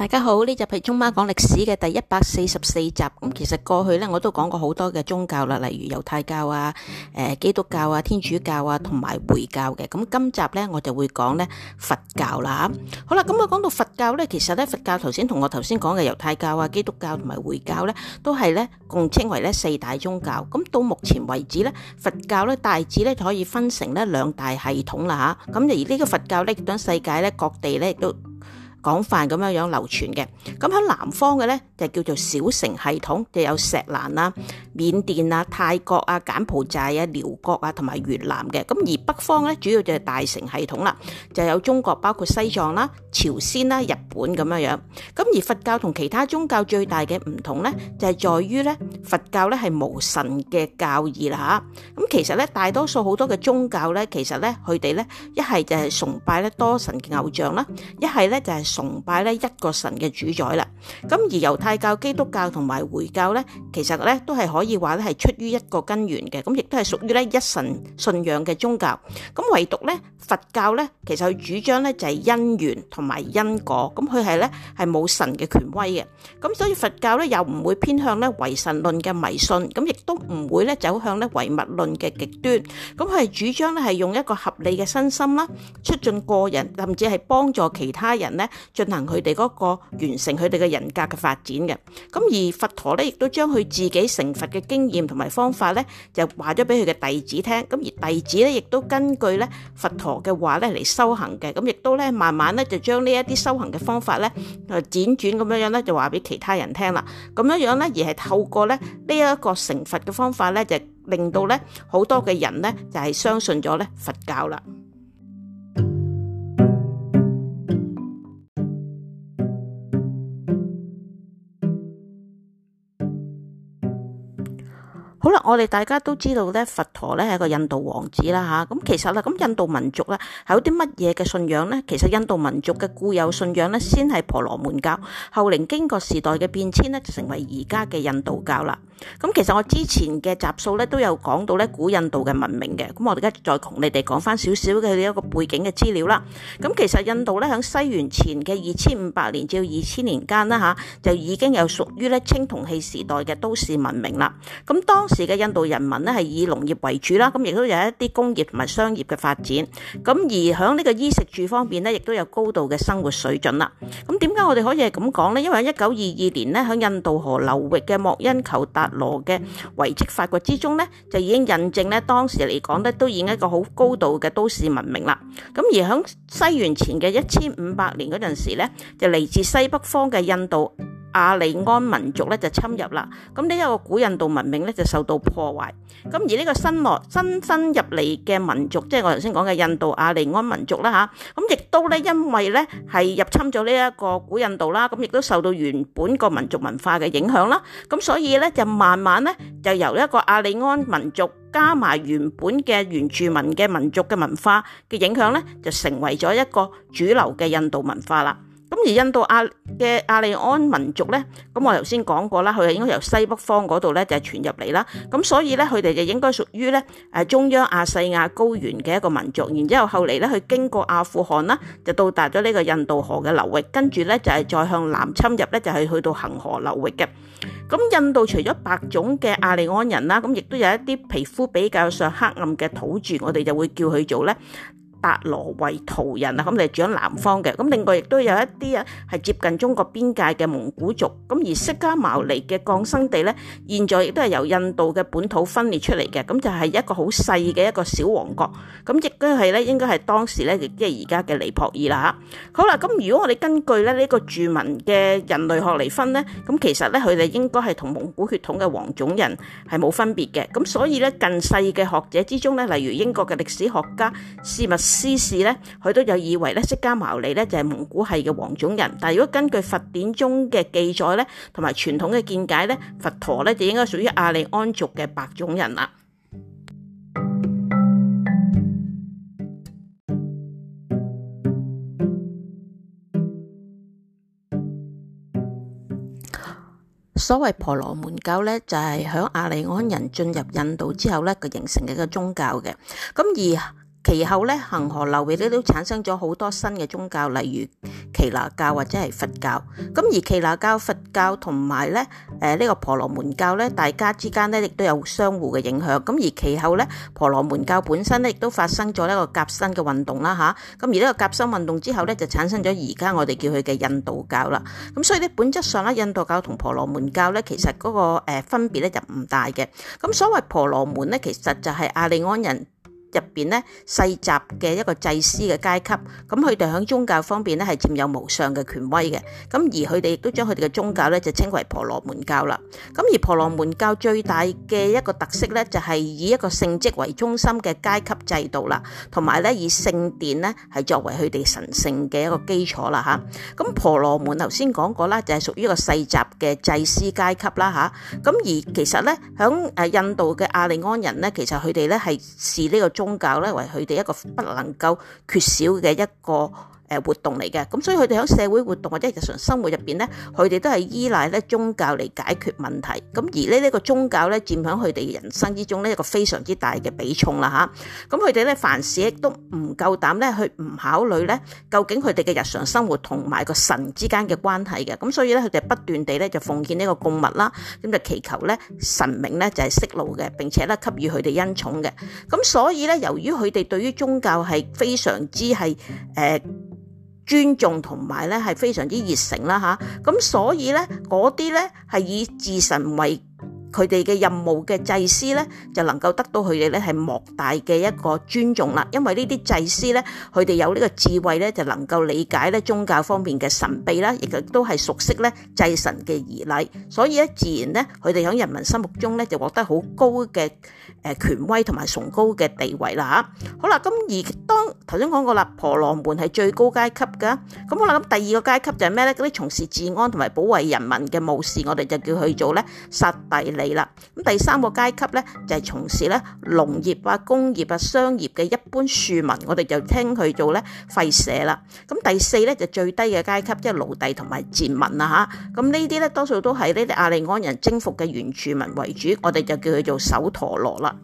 大家好，呢集係中媽講歷史嘅第一百四十四集。咁其實過去呢，我都講過好多嘅宗教啦，例如猶太教啊、呃、基督教啊、天主教啊，同埋回教嘅。咁今集呢，我就會講呢佛教啦。吓，好啦，咁我講到佛教呢，其實呢，佛教頭先同我頭先講嘅猶太教啊、基督教同埋回教呢，都係呢，共稱為呢四大宗教。咁到目前為止呢，佛教呢大致呢就可以分成呢兩大系統啦。吓，咁而呢個佛教呢，等世界呢，各地呢亦都。廣泛咁樣樣流傳嘅，咁喺南方嘅咧就叫做小乘系統，就有錫蘭啦、緬甸啊、泰國啊、柬埔寨啊、寮國啊同埋越南嘅。咁而北方咧主要就係大乘系統啦，就有中國包括西藏啦、朝鮮啦、日本咁樣樣。咁而佛教同其他宗教最大嘅唔同咧，就係在於咧佛教咧係無神嘅教義啦吓。咁其實咧大多數好多嘅宗教咧，其實咧佢哋咧一係就係崇拜咧多神嘅偶像啦，一係咧就係。崇拜咧一個神嘅主宰啦，咁而猶太教、基督教同埋回教咧，其實咧都係可以話咧係出於一個根源嘅，咁亦都係屬於咧一神信仰嘅宗教。咁唯獨咧佛教咧，其實佢主張咧就係因緣同埋因果，咁佢係咧係冇神嘅權威嘅，咁所以佛教咧又唔會偏向咧唯神論嘅迷信，咁亦都唔會咧走向咧唯物論嘅極端，咁佢係主張咧係用一個合理嘅身心啦，促進個人，甚至係幫助其他人咧。進行佢哋嗰個完成佢哋嘅人格嘅發展嘅，咁而佛陀咧亦都將佢自己成佛嘅經驗同埋方法咧，就話咗俾佢嘅弟子聽，咁而弟子咧亦都根據咧佛陀嘅話咧嚟修行嘅，咁亦都咧慢慢咧就將呢一啲修行嘅方法咧，就輾轉咁樣樣咧就話俾其他人聽啦，咁樣樣咧而係透過咧呢一個成佛嘅方法咧，就令到咧好多嘅人咧就係相信咗咧佛教啦。好啦，我哋大家都知道咧，佛陀咧係一個印度王子啦吓，咁其實啦，咁印度民族咧係有啲乜嘢嘅信仰咧？其實印度民族嘅固有信仰咧，先係婆羅門教，後嚟經過時代嘅變遷咧，就成為而家嘅印度教啦。咁其實我之前嘅集數咧都有講到咧古印度嘅文明嘅。咁我哋而家再同你哋講翻少少嘅一個背景嘅資料啦。咁其實印度咧響西元前嘅二千五百年至二千年間啦吓就已經有屬於咧青銅器時代嘅都市文明啦。咁當時。而家印度人民咧係以農業為主啦，咁亦都有一啲工業同埋商業嘅發展。咁而響呢個衣食住方面咧，亦都有高度嘅生活水準啦。咁點解我哋可以係咁講呢？因為喺一九二二年咧，響印度河流域嘅莫恩求達羅嘅遺跡發掘之中咧，就已經印證咧當時嚟講咧都已經一個好高度嘅都市文明啦。咁而響西元前嘅一千五百年嗰陣時咧，就嚟自西北方嘅印度。阿里安民族咧就侵入啦，咁呢一個古印度文明咧就受到破壞，咁而呢個新落新新入嚟嘅民族，即係我頭先講嘅印度阿里安民族啦嚇，咁亦都咧因為咧係入侵咗呢一個古印度啦，咁亦都受到原本個民族文化嘅影響啦，咁所以咧就慢慢咧就由一個阿里安民族加埋原本嘅原住民嘅民族嘅文化嘅影響咧，就成為咗一個主流嘅印度文化啦。咁而印度阿嘅阿利安民族咧，咁我頭先講過啦，佢係應該由西北方嗰度咧就係傳入嚟啦。咁所以咧，佢哋就應該屬於咧誒中央亞細亞高原嘅一個民族。然之後後嚟咧，佢經過阿富汗啦，就到達咗呢個印度河嘅流域，跟住咧就係再向南侵入咧，就係去到恒河流域嘅。咁印度除咗白種嘅阿利安人啦，咁亦都有一啲皮膚比較上黑暗嘅土著，我哋就會叫佢做咧。達羅維圖人啊，咁住喺南方嘅，咁另外亦都有一啲啊，係接近中國邊界嘅蒙古族，咁而釋迦牟尼嘅降生地咧，現在亦都係由印度嘅本土分裂出嚟嘅，咁就係、是、一個好細嘅一個小王國。咁亦都係咧，應該係當時咧，即係而家嘅尼泊爾啦嚇。好啦，咁如果我哋根據咧呢個住民嘅人類學嚟分咧，咁其實咧佢哋應該係同蒙古血統嘅黃種人係冇分別嘅，咁所以咧近世嘅學者之中咧，例如英國嘅歷史學家史密斯。私事咧，佢都有以為咧，釋迦牟尼咧就係蒙古系嘅黃種人。但係如果根據佛典中嘅記載咧，同埋傳統嘅見解咧，佛陀咧就應該屬於亞利安族嘅白種人啦。所謂婆羅門教咧，就係響亞利安人進入印度之後咧，佢形成嘅一個宗教嘅咁而。其後咧，恒河流域呢都產生咗好多新嘅宗教，例如耆那教或者係佛教。咁而耆那教、佛教同埋咧，誒、呃、呢、這個婆羅門教咧，大家之間咧亦都有相互嘅影響。咁而其後咧，婆羅門教本身咧亦都發生咗呢個革新嘅運動啦，吓、啊。咁而呢個革新運動之後咧，就產生咗而家我哋叫佢嘅印度教啦。咁、啊、所以咧，本質上咧，印度教同婆羅門教咧，其實嗰、那個誒、呃、分別咧就唔大嘅。咁、啊、所謂婆羅門咧，其實就係阿利安人。入邊呢，世襲嘅一個祭司嘅階級，咁佢哋響宗教方面呢，係佔有無上嘅權威嘅，咁而佢哋亦都將佢哋嘅宗教呢，就稱為婆羅門教啦。咁而婆羅門教最大嘅一個特色呢，就係以一個聖職為中心嘅階級制度啦，同埋呢以聖殿呢，係作為佢哋神聖嘅一個基礎啦吓，咁婆羅門頭先講過啦，就係屬於一個世襲嘅祭司階級啦吓，咁而其實呢，響誒印度嘅阿里安人呢，其實佢哋呢，係視呢個。宗教咧，為佢哋一個不能夠缺少嘅一個誒活動嚟嘅，咁所以佢哋喺社會活動或者日常生活入邊咧，佢哋都係依賴咧宗教嚟解決問題。咁而呢個宗教咧佔響佢哋人生之中呢一個非常之大嘅比重啦吓，咁佢哋咧凡事亦都唔夠膽咧去唔考慮咧究竟佢哋嘅日常生活同埋個神之間嘅關係嘅。咁所以咧佢哋不斷地咧就奉獻呢個供物啦，咁就祈求咧神明咧就係息怒嘅，並且咧給予佢哋恩寵嘅。咁所以咧由於佢哋對於宗教係非常之係誒。呃尊重同埋咧，係非常之熱誠啦吓，咁，所以咧，嗰啲咧，係以自神為。佢哋嘅任務嘅祭司咧，就能夠得到佢哋咧係莫大嘅一個尊重啦。因為呢啲祭司咧，佢哋有呢個智慧咧，就能夠理解咧宗教方面嘅神秘啦，亦都係熟悉咧祭神嘅儀禮。所以咧，自然咧，佢哋喺人民心目中咧就獲得好高嘅誒權威同埋崇高嘅地位啦。嚇，好啦，咁而當頭先講過啦，婆羅門係最高階級嘅，咁好啦，咁第二個階級就係咩咧？嗰啲從事治安同埋保衞人民嘅武士，我哋就叫佢做咧剎帝利。係啦，咁第三個階級咧就係、是、從事咧農業啊、工業啊、商業嘅一般庶民，我哋就聽佢做咧吠舍啦。咁第四咧就最低嘅階級，即係奴隸同埋賤民啦吓。咁呢啲咧多數都係呢啲雅利安人征服嘅原住民為主，我哋就叫佢做首陀羅啦。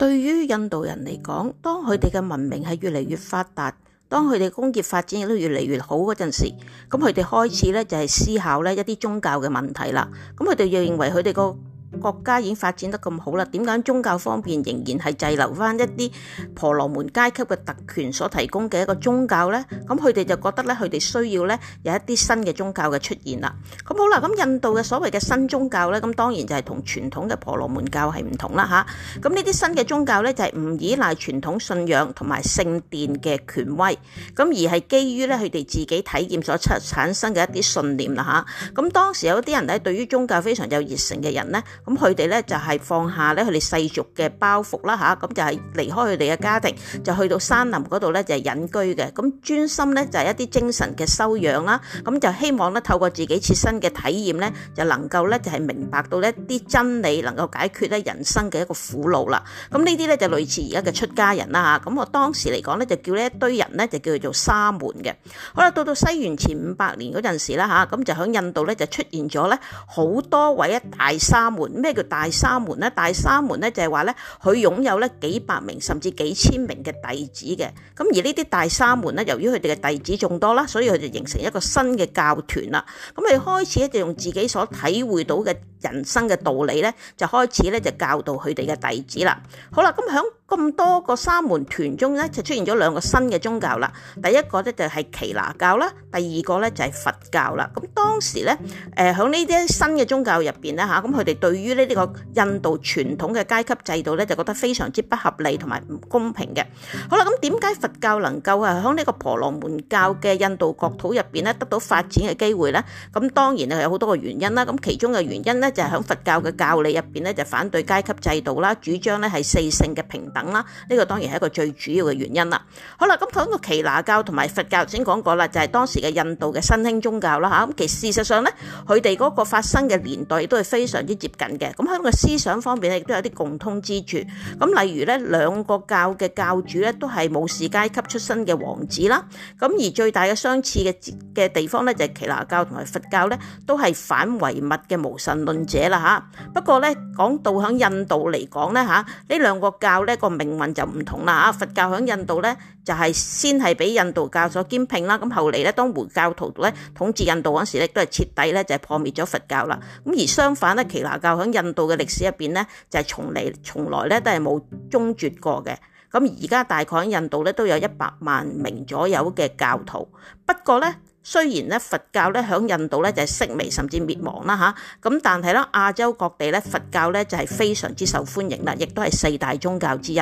對於印度人嚟講，當佢哋嘅文明係越嚟越發達，當佢哋工業發展亦都越嚟越好嗰陣時，咁佢哋開始咧就係思考咧一啲宗教嘅問題啦。咁佢哋就認為佢哋個國家已經發展得咁好啦，點解宗教方面仍然係滯留翻一啲婆羅門階級嘅特權所提供嘅一個宗教呢？咁佢哋就覺得咧，佢哋需要咧有一啲新嘅宗教嘅出現啦。咁好啦，咁印度嘅所謂嘅新宗教咧，咁當然就係同傳統嘅婆羅門教係唔同啦吓，咁呢啲新嘅宗教咧就係唔依賴傳統信仰同埋聖殿嘅權威，咁而係基於咧佢哋自己體驗所出產生嘅一啲信念啦吓，咁當時有啲人咧對於宗教非常有熱誠嘅人咧。咁佢哋咧就係放下咧佢哋世俗嘅包袱啦吓，咁就係離開佢哋嘅家庭，就去到山林嗰度咧就隱居嘅，咁專心咧就係一啲精神嘅修養啦，咁就希望咧透過自己切身嘅體驗咧，就能夠咧就係明白到一啲真理，能夠解決咧人生嘅一個苦惱啦。咁呢啲咧就類似而家嘅出家人啦吓，咁我當時嚟講咧就叫呢一堆人咧就叫做沙門嘅。好啦，到到西元前五百年嗰陣時啦吓，咁就喺印度咧就出現咗咧好多位一大沙門。咩叫大沙門咧？大沙門咧就係話咧，佢擁有咧幾百名甚至幾千名嘅弟子嘅。咁而呢啲大沙門咧，由於佢哋嘅弟子眾多啦，所以佢就形成一個新嘅教團啦。咁佢開始咧就用自己所體會到嘅。人生嘅道理咧，就開始咧就教導佢哋嘅弟子啦。好啦，咁響咁多個沙門團中咧，就出現咗兩個新嘅宗教啦。第一個咧就係耆那教啦，第二個咧就係佛教啦。咁當時咧，誒響呢啲新嘅宗教入邊咧嚇，咁佢哋對於呢呢個印度傳統嘅階級制度咧，就覺得非常之不合理同埋唔公平嘅。好啦，咁點解佛教能夠係響呢個婆羅門教嘅印度國土入邊咧得到發展嘅機會咧？咁當然係有好多個原因啦。咁其中嘅原因咧，就喺佛教嘅教理入邊咧，就是、反對階級制度啦，主張咧係四姓嘅平等啦。呢、這個當然係一個最主要嘅原因啦。好啦，咁講個耆那教同埋佛教先講過啦，就係、是、當時嘅印度嘅新興宗教啦。吓，咁其實事實上咧，佢哋嗰個發生嘅年代亦都係非常之接近嘅。咁喺個思想方面咧，亦都有啲共通之處。咁例如咧，兩個教嘅教主咧都係武士階級出身嘅王子啦。咁而最大嘅相似嘅嘅地方咧，就係耆那教同埋佛教咧，都係反唯物嘅無神論。者啦嚇，不過咧講到喺印度嚟講咧嚇，呢兩個教咧個命運就唔同啦嚇。佛教喺印度咧就係、是、先係俾印度教所兼併啦，咁後嚟咧當回教徒咧統治印度嗰時咧都係徹底咧就係破滅咗佛教啦。咁而相反咧，耆那教喺印度嘅歷史入邊咧就係從嚟從來咧都係冇中絕過嘅。咁而家大概喺印度咧都有一百萬名左右嘅教徒，不過咧。雖然佛教咧響印度咧就係式微甚至滅亡啦吓，咁但係咧亞洲各地咧佛教咧就係非常之受歡迎啦，亦都係四大宗教之一。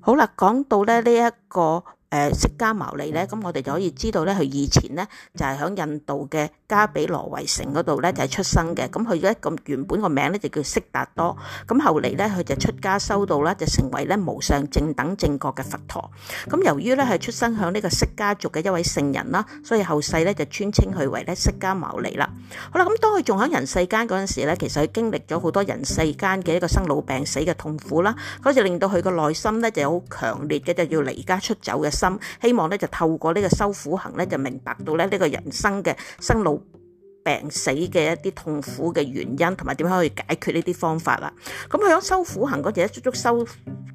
好啦，講到咧呢一個。 釋迦牟尼咧，咁我哋就可以知道咧，佢以前咧就係喺印度嘅加比羅維城嗰度咧就係出生嘅。咁佢一個原本個名咧就叫悉達多，咁後嚟咧佢就出家修道啦，就成為咧無上正等正覺嘅佛陀。咁由於咧係出生響呢個釋迦族嘅一位聖人啦，所以後世咧就尊稱佢為咧釋迦牟尼啦。好啦，咁當佢仲喺人世間嗰陣時咧，其實佢經歷咗好多人世間嘅一個生老病死嘅痛苦啦，嗰時令到佢個內心咧就好強烈嘅，就要離家出走嘅。希望咧就透過呢個修苦行咧，就明白到咧呢個人生嘅生路。病死嘅一啲痛苦嘅原因，同埋點樣去解決呢啲方法啦。咁佢喺修苦行嗰陣，足足修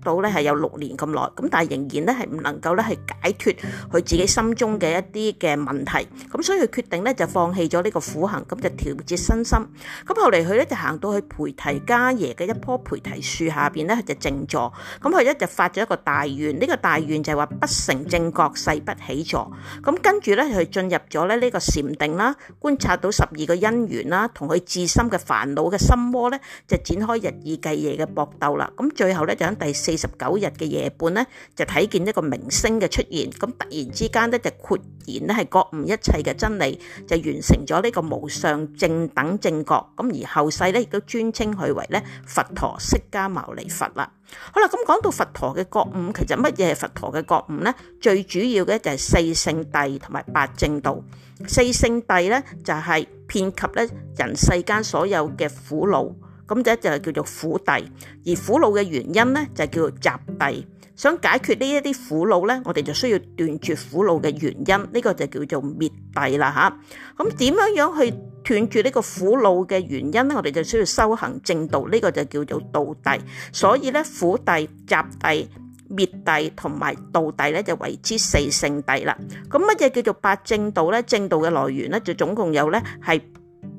到咧係有六年咁耐，咁但係仍然咧係唔能夠咧係解脫佢自己心中嘅一啲嘅問題，咁所以佢決定咧就放棄咗呢個苦行，咁就調節身心。咁後嚟佢咧就行到去菩提迦耶嘅一棵菩提樹下邊咧佢就靜坐，咁佢咧發咗一個大願，呢個大願就係話不成正覺誓不起坐。咁跟住咧佢進入咗咧呢個禪定啦，觀察到十二個因緣啦，同佢自心嘅煩惱嘅心魔咧，就展開日以繼夜嘅搏鬥啦。咁最後咧，就喺第四十九日嘅夜半咧，就睇見一個明星嘅出現。咁突然之間咧，就豁然咧係覺悟一切嘅真理，就完成咗呢個無上正等正覺。咁而後世咧，亦都尊稱佢為咧佛陀釋迦牟尼佛啦。好啦，咁講到佛陀嘅覺悟，其實乜嘢係佛陀嘅覺悟咧？最主要嘅就係四聖諦同埋八正道。四聖諦咧就係遍及咧人世間所有嘅苦惱，咁就即係就叫做苦諦。而苦惱嘅原因咧就叫做集諦。想解決呢一啲苦惱咧，我哋就需要斷絕苦惱嘅原因，呢個就叫做滅諦啦吓，咁點樣樣去斷絕呢個苦惱嘅原因咧？我哋就需要修行正道，呢個就叫做道諦。所以咧，苦諦、集諦、滅諦同埋道諦咧，就為之四聖諦啦。咁乜嘢叫做八正道咧？正道嘅來源咧，就總共有咧係。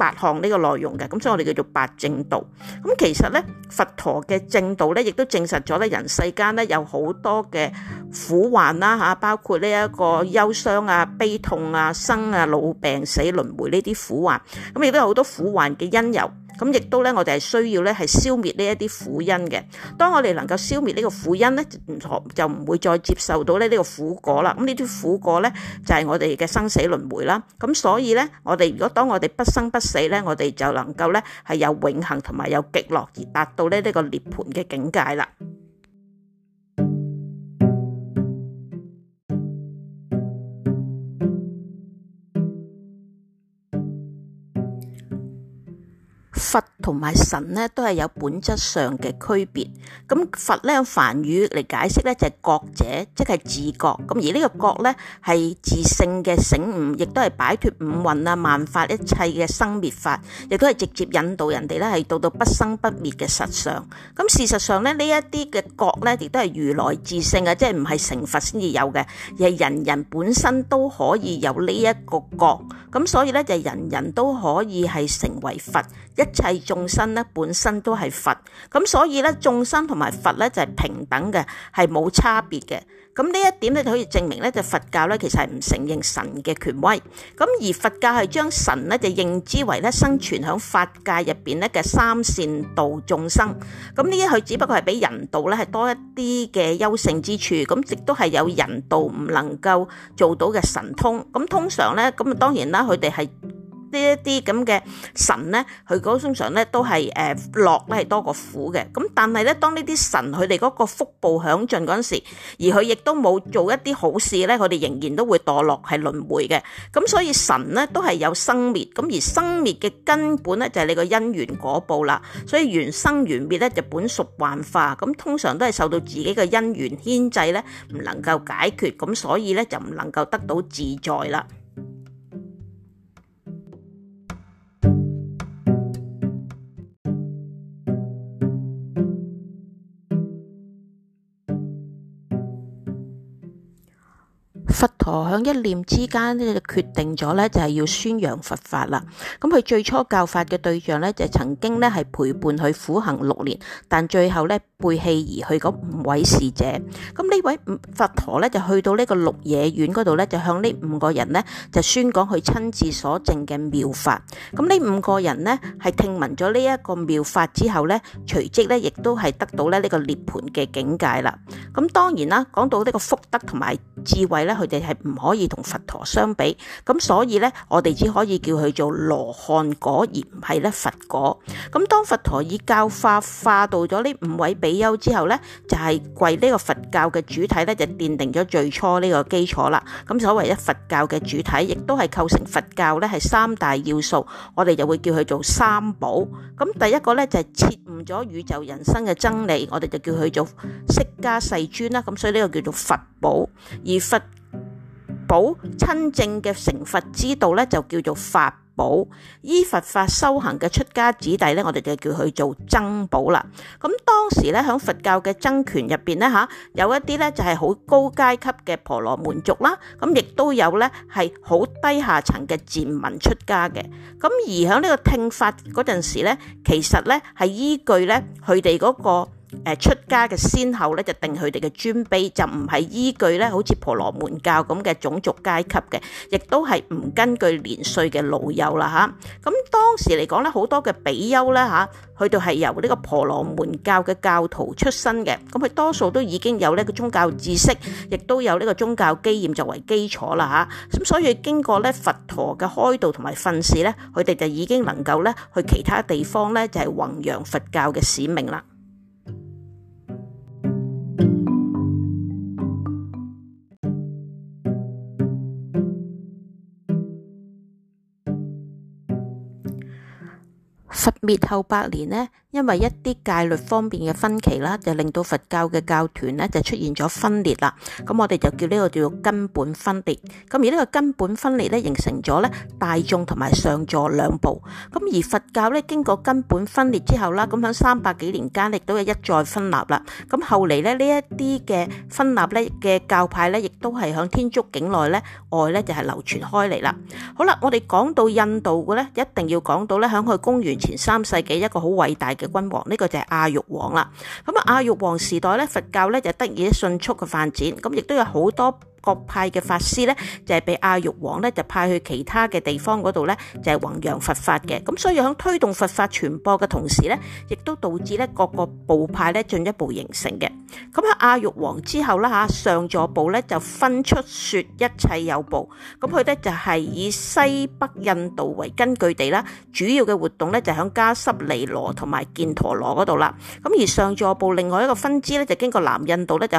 八項呢個內容嘅，咁所以我哋叫做八正道。咁其實咧，佛陀嘅正道咧，亦都證實咗咧，人世間咧有好多嘅苦患啦吓，包括呢一個憂傷啊、悲痛啊、生啊、老病死輪迴呢啲苦患，咁亦都有好多苦患嘅因由。咁亦都咧，我哋係需要咧，係消滅呢一啲苦因嘅。當我哋能夠消滅呢個苦因咧，就就唔會再接受到咧呢個苦果啦。咁呢啲苦果咧，就係我哋嘅生死輪迴啦。咁所以咧，我哋如果當我哋不生不死咧，我哋就能夠咧係有永恆同埋，有極樂而達到呢呢個涅槃嘅境界啦。同埋神咧都係有本質上嘅區別，咁佛咧用梵語嚟解釋咧就係覺者，即係自覺，咁而呢個覺咧係自性嘅醒悟，亦都係擺脫五蘊啊、萬法一切嘅生滅法，亦都係直接引導人哋咧係到到不生不滅嘅實相。咁事實上咧呢一啲嘅覺咧亦都係如來自性啊，即係唔係成佛先至有嘅，而係人人本身都可以有呢一個覺。咁所以咧就係人人都可以係成為佛，一切眾，眾生咧本身都係佛，咁所以咧眾生同埋佛咧就係平等嘅，係冇差別嘅。咁呢一點咧就可以證明咧就佛教咧其實係唔承認神嘅權威，咁而佛教係將神咧就認之為咧生存響法界入邊咧嘅三善道眾生。咁呢啲佢只不過係比人道咧係多一啲嘅優勝之處，咁亦都係有人道唔能夠做到嘅神通。咁通常咧咁啊，當然啦，佢哋係。呢一啲咁嘅神咧，佢嗰，通常咧都係誒樂咧係多過苦嘅。咁但係咧，當呢啲神佢哋嗰個福報享盡嗰陣時，而佢亦都冇做一啲好事咧，佢哋仍然都會墮落係輪迴嘅。咁所以神咧都係有生滅，咁而生滅嘅根本咧就係、是、你個因緣果報啦。所以緣生緣滅咧就本屬幻化，咁通常都係受到自己嘅因緣牽制咧，唔能夠解決，咁所以咧就唔能夠得到自在啦。一念之間咧，就決定咗咧，就係要宣揚佛法啦。咁佢最初教法嘅對象咧，就曾經咧係陪伴佢苦行六年，但最後咧背棄而去嗰五位侍者。咁呢位佛陀咧，就去到呢個鹿野苑嗰度咧，就向呢五個人咧，就宣講佢親自所證嘅妙法。咁呢五個人呢，係聽聞咗呢一個妙法之後咧，隨即咧亦都係得到咧呢個涅槃嘅境界啦。咁當然啦，講到呢個福德同埋智慧咧，佢哋係唔可。可以同佛陀相比，咁所以咧，我哋只可以叫佢做羅漢果，而唔係咧佛果。咁當佛陀已教化化度咗呢五位比丘之後咧，就係為呢個佛教嘅主體咧，就奠定咗最初呢個基礎啦。咁所謂嘅佛教嘅主體，亦都係構成佛教咧係三大要素，我哋就會叫佢做三寶。咁第一個咧就係徹悟咗宇宙人生嘅真理，我哋就叫佢做釋迦世尊啦。咁所以呢個叫做佛寶，而佛寶親正嘅成佛之道咧，就叫做法寶；依佛法修行嘅出家子弟咧，我哋就叫佢做僧寶啦。咁當時咧，喺佛教嘅僧權入邊咧，吓有一啲咧就係好高階級嘅婆羅門族啦，咁亦都有咧係好低下層嘅賤民出家嘅。咁而喺呢個聽法嗰陣時咧，其實咧係依據咧佢哋嗰個。誒出家嘅先後咧，就定佢哋嘅尊卑，就唔係依據咧，好似婆羅門教咁嘅種族階級嘅，亦都係唔根據年歲嘅老幼啦。嚇咁當時嚟講咧，好多嘅比丘咧嚇，佢哋係由呢個婆羅門教嘅教徒出身嘅，咁佢多數都已經有呢個宗教知識，亦都有呢個宗教經驗作為基礎啦。嚇咁所以經過咧佛陀嘅開導同埋訓示咧，佢哋就已經能夠咧去其他地方咧，就係弘揚佛教嘅使命啦。佛滅後百年呢，因為一啲戒律方面嘅分歧啦，就令到佛教嘅教團呢就出現咗分裂啦。咁我哋就叫呢個叫做根本分裂。咁而呢個根本分裂咧，形成咗咧大眾同埋上座兩部。咁而佛教咧經過根本分裂之後啦，咁喺三百幾年間，亦都係一再分立啦。咁後嚟咧呢一啲嘅分立咧，嘅教派咧，亦都係喺天竺境內咧外咧就係流傳開嚟啦。好啦，我哋講到印度嘅咧，一定要講到咧喺佢公元前，前三世紀一個好偉大嘅君王，呢個就係阿育王啦。咁啊，阿育王時代咧，佛教咧就得以迅速嘅發展，咁亦都有好多。各派嘅法師咧，就係被阿育王咧就派去其他嘅地方嗰度咧，就係弘揚佛法嘅。咁所以喺推動佛法傳播嘅同時咧，亦都導致咧各個部派咧進一步形成嘅。咁喺阿育王之後啦嚇，上座部咧就分出說一切有部。咁佢咧就係以西北印度為根據地啦，主要嘅活動咧就喺加濕尼羅同埋犍陀羅嗰度啦。咁而上座部另外一個分支咧，就經過南印度咧就。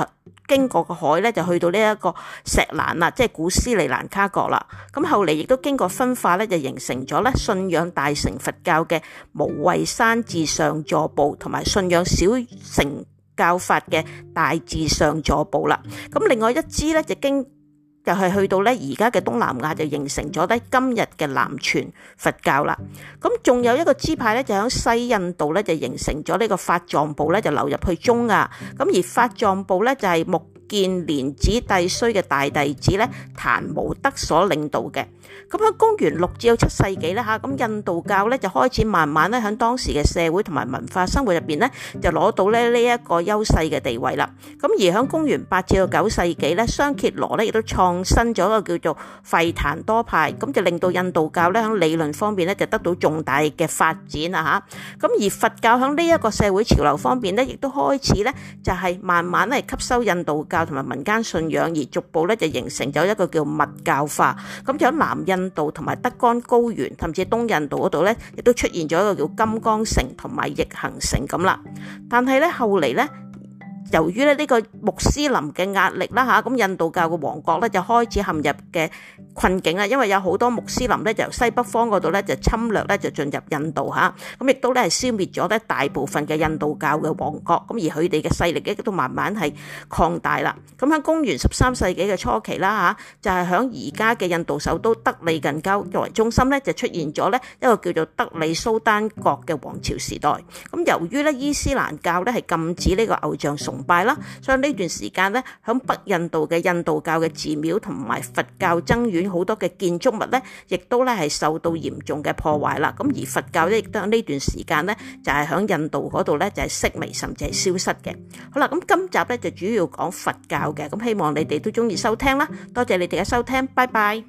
經過個海咧，就去到呢一個錫蘭啦，即係古斯里蘭卡國啦。咁後嚟亦都經過分化咧，就形成咗咧信仰大乘佛教嘅無畏山寺上座部，同埋信仰小乘教法嘅大寺上座部啦。咁另外一支咧就經。又係去到咧，而家嘅東南亞就形成咗咧今日嘅南傳佛教啦。咁仲有一個支派咧，就喺西印度咧就形成咗呢個法藏部咧，就流入去中亞。咁而法藏部咧就係木。見蓮子弟衰嘅大弟子咧，檀無德所領導嘅。咁喺公元六至到七世紀咧，吓，咁印度教咧就開始慢慢咧喺當時嘅社會同埋文化生活入邊咧，就攞到咧呢一個優勢嘅地位啦。咁而喺公元八至到九世紀咧，商羯羅咧亦都創新咗一個叫做吠檀多派，咁就令到印度教咧喺理論方面咧就得到重大嘅發展啦。吓，咁而佛教喺呢一個社會潮流方面咧，亦都開始咧就係慢慢咧吸收印度教，同埋民間信仰而逐步咧就形成咗一個叫密教化，咁就喺南印度同埋德干高原，甚至東印度嗰度咧，亦都出現咗一個叫金剛城同埋逆行城咁啦。但係咧後嚟咧。由於咧呢個穆斯林嘅壓力啦嚇，咁印度教嘅王國咧就開始陷入嘅困境啦，因為有好多穆斯林咧由西北方嗰度咧就侵略咧就進入印度嚇，咁亦都咧係消滅咗咧大部分嘅印度教嘅王國，咁而佢哋嘅勢力亦都慢慢係擴大啦。咁喺公元十三世紀嘅初期啦嚇，就係喺而家嘅印度首都德里近郊作為中心咧，就出現咗咧一個叫做德里蘇丹國嘅王朝時代。咁由於咧伊斯蘭教咧係禁止呢個偶像崇拜啦，所以呢段時間咧，響北印度嘅印度教嘅寺廟同埋佛教僧院好多嘅建築物咧，亦都咧係受到嚴重嘅破壞啦。咁而佛教咧亦都喺呢段時間咧，就係、是、響印度嗰度咧，就係式微甚至係消失嘅。好啦，咁今集咧就主要講佛教嘅，咁希望你哋都中意收聽啦。多謝你哋嘅收聽，拜拜。